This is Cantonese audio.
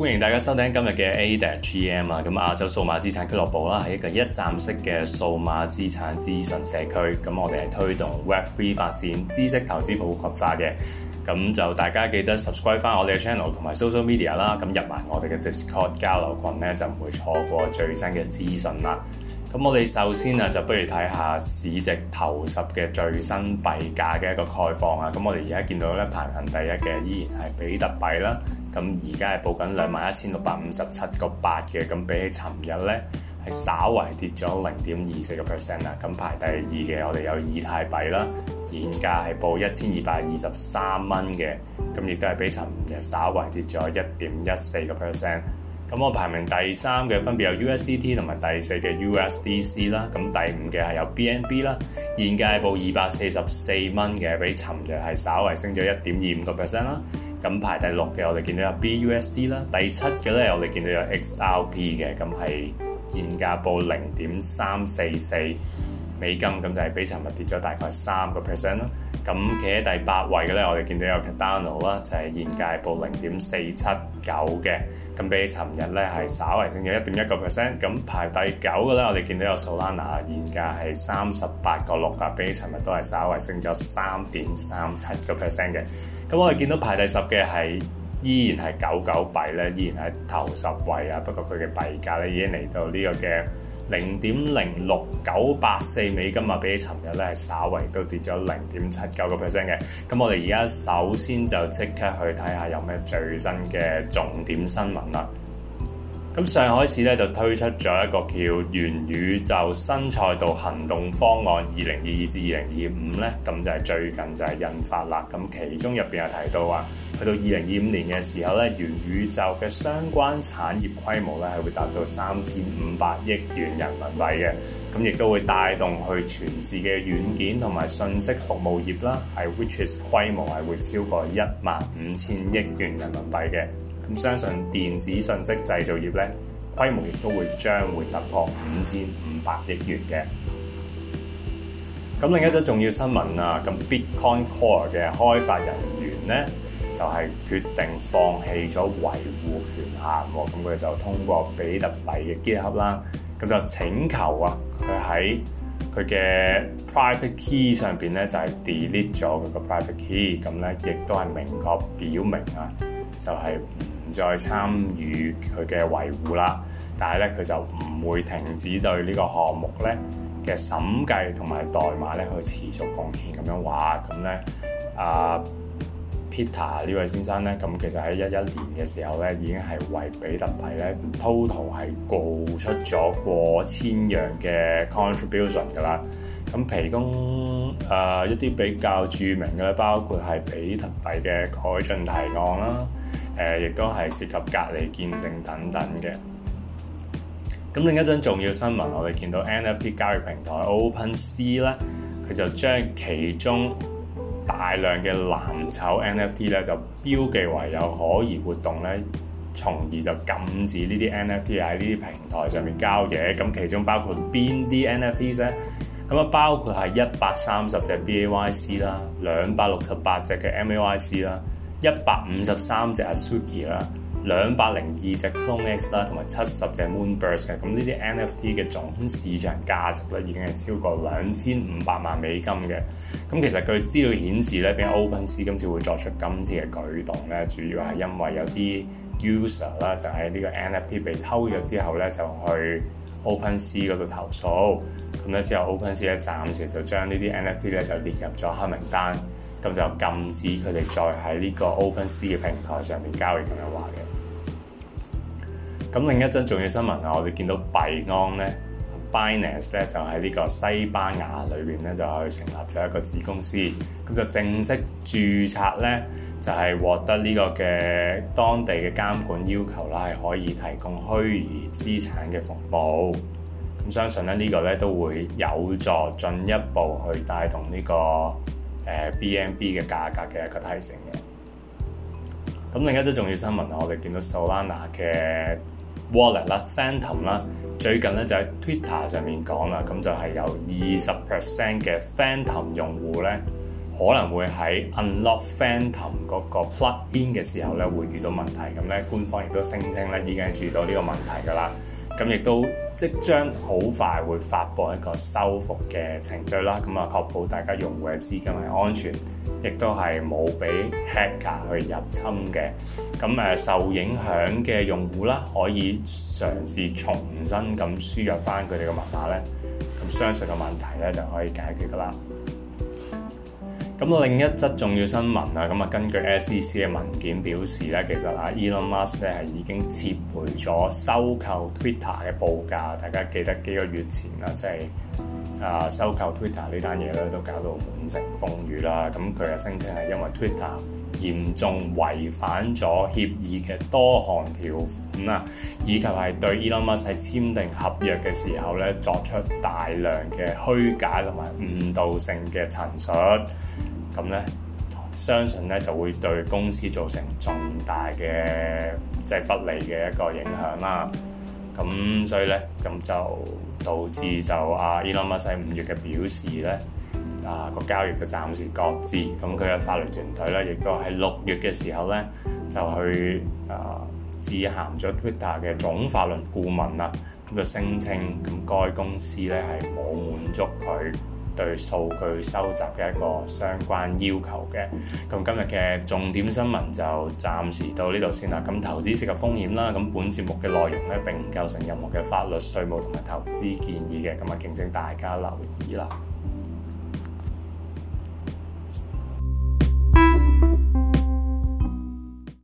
歡迎大家收聽今日嘅 ADA GM 啊，咁亞洲數碼資產俱樂部啦，係一個一站式嘅數碼資產資訊社區。咁我哋係推動 Web3 發展、知識投資普及化嘅。咁就大家記得 subscribe 翻我哋嘅 channel 同埋 social media 啦。咁入埋我哋嘅 Discord 交流群咧，就唔會錯過最新嘅資訊啦。咁我哋首先啊，就不如睇下市值頭十嘅最新幣價嘅一個概況啊。咁我哋而家見到咧，排行第一嘅依然係比特幣啦。咁而家係報緊兩萬一千六百五十七個八嘅。咁比起尋日咧，係稍為跌咗零點二四個 percent 啊。咁排第二嘅我哋有以太幣啦，現價係報一千二百二十三蚊嘅。咁亦都係比尋日稍為跌咗一點一四個 percent。咁我排名第三嘅分別有 USDT 同埋第四嘅 USDC 啦，咁第五嘅係有 BNB 啦，現價報二百四十四蚊嘅，比尋日係稍微升咗一點二五個 percent 啦。咁排第六嘅我哋見到有 BUSD 啦，第七嘅呢我哋見到有 XRP 嘅，咁係現價報零點三四四美金咁就係比尋日跌咗大概三個 percent 咯。咁企喺第八位嘅咧，我哋見到有 Cardano 啦，就係現價係報零點四七九嘅，咁比尋日咧係稍微升咗一點一個 percent。咁排第九嘅咧，我哋見到有 Solana 現價係三十八個六啊，比尋日都係稍微升咗三點三七個 percent 嘅。咁我哋見到排第十嘅係依然係九九幣咧，依然係頭十位啊，不過佢嘅幣價咧已經嚟到呢個嘅。零點零六九八四美金啊，比起尋日咧稍為都跌咗零點七九個 percent 嘅。咁我哋而家首先就即刻去睇下有咩最新嘅重點新聞啦。咁上海市咧就推出咗一個叫《元宇宙新賽道行動方案》二零二二至二零二五咧，咁就係最近就係印發啦。咁其中入邊有提到啊，去到二零二五年嘅時候咧，元宇宙嘅相關產業規模咧係會達到三千五百億元人民幣嘅。咁亦都會帶動去全市嘅軟件同埋信息服務業啦，係 which is 規模係會超過一萬五千億元人民幣嘅。咁相信電子信息製造業咧規模，亦都會將會突破五千五百億元嘅。咁另一則重要新聞啊，咁 Bitcoin Core 嘅開發人員咧就係決定放棄咗維護權限。咁佢就通過比特幣嘅 GitHub 啦，咁就請求啊佢喺佢嘅 private key 上邊咧就係 delete 咗佢個 private key，咁咧亦都係明確表明啊，就係。再參與佢嘅維護啦，但係咧佢就唔會停止對呢個項目咧嘅審計同埋代碼咧去持續貢獻咁樣話，咁咧阿 Peter 呢位先生咧，咁其實喺一一年嘅時候咧已經係為比特幣咧 total 係告出咗過千樣嘅 contribution 噶啦，咁提供講一啲比較著名嘅包括係比特幣嘅改進提案啦。誒、呃，亦都係涉及隔離、見證等等嘅。咁另一陣重要新聞，我哋見到 NFT 交易平台 OpenSea 咧，佢就將其中大量嘅藍籌 NFT 咧，就標記為有可疑活動咧，從而就禁止呢啲 NFT 喺呢啲平台上面交易。咁其中包括邊啲 NFT 咧？咁啊，包括係一百三十隻 BAYC 啦，兩百六十八隻嘅 MAYC 啦。一百五十三隻 Azuki 啦，兩百零二隻 Clone X 啦，同埋七十隻 Moonbirds。咁呢啲 NFT 嘅總市場價值咧，已經係超過兩千五百萬美金嘅。咁其實據資料顯示咧，點解 OpenSea 今次會作出今次嘅舉動咧，主要係因為有啲 user 啦，就喺呢個 NFT 被偷咗之後咧，就去 OpenSea 嗰度投訴，咁咧之後 OpenSea 咧暫時就將呢啲 NFT 咧就列入咗黑名單。咁就禁止佢哋再喺呢個 OpenSea 嘅平台上面交易咁樣話嘅。咁另一則重要新聞啊，我哋見到幣安咧，Binance 咧就喺呢個西班牙裏邊咧就去成立咗一個子公司，咁就正式註冊咧就係、是、獲得呢個嘅當地嘅監管要求啦，係可以提供虛擬資產嘅服務。咁相信咧呢、這個咧都會有助進一步去帶動呢、這個。誒 BNB 嘅價格嘅一個提升嘅，咁另一則重要新聞啊，我哋見到 Solana 嘅 Wallet 啦、Phantom 啦，最近咧就喺 Twitter 上面講啦，咁就係有二十 percent 嘅 Phantom 用戶咧，可能會喺 Unlock Phantom 嗰個 Plugin 嘅時候咧會遇到問題，咁咧官方亦都聲稱咧已經注意到呢個問題噶啦。咁亦都即將好快會發佈一個修復嘅程序啦，咁啊確保大家用戶嘅資金係安全，亦都係冇俾 hacker 去入侵嘅。咁誒、啊，受影響嘅用戶啦，可以嘗試重新咁輸入翻佢哋嘅密碼咧，咁相信個問題咧就可以解決噶啦。咁另一則重要新聞啊，咁啊，根據 SEC 嘅文件表示咧，其實啊、e、Elon Musk 咧係已經撤回咗收購 Twitter 嘅報價。大家記得幾個月前啊，即係啊，收購 Twitter 呢單嘢咧都搞到滿城風雨啦。咁佢又聲稱係因為 Twitter 嚴重違反咗協議嘅多項條款啊，以及係對 Elon Musk 喺簽訂合約嘅時候咧作出大量嘅虛假同埋誤導性嘅陳述。咁咧，相信咧就會對公司造成重大嘅即係不利嘅一個影響啦。咁所以咧，咁就導致就阿伊朗馬西五月嘅表示咧，啊個交易就暫時擱置。咁佢嘅法律團隊咧，亦都喺六月嘅時候咧，就去啊致函咗 Twitter 嘅總法律顧問啦。咁就聲稱，咁該公司咧係冇滿足佢。對數據收集嘅一個相關要求嘅，咁今日嘅重點新聞就暫時到呢度先啦。咁投資涉及風險啦，咁本節目嘅內容咧並唔構成任何嘅法律、稅務同埋投資建議嘅，咁啊敬請大家留意啦。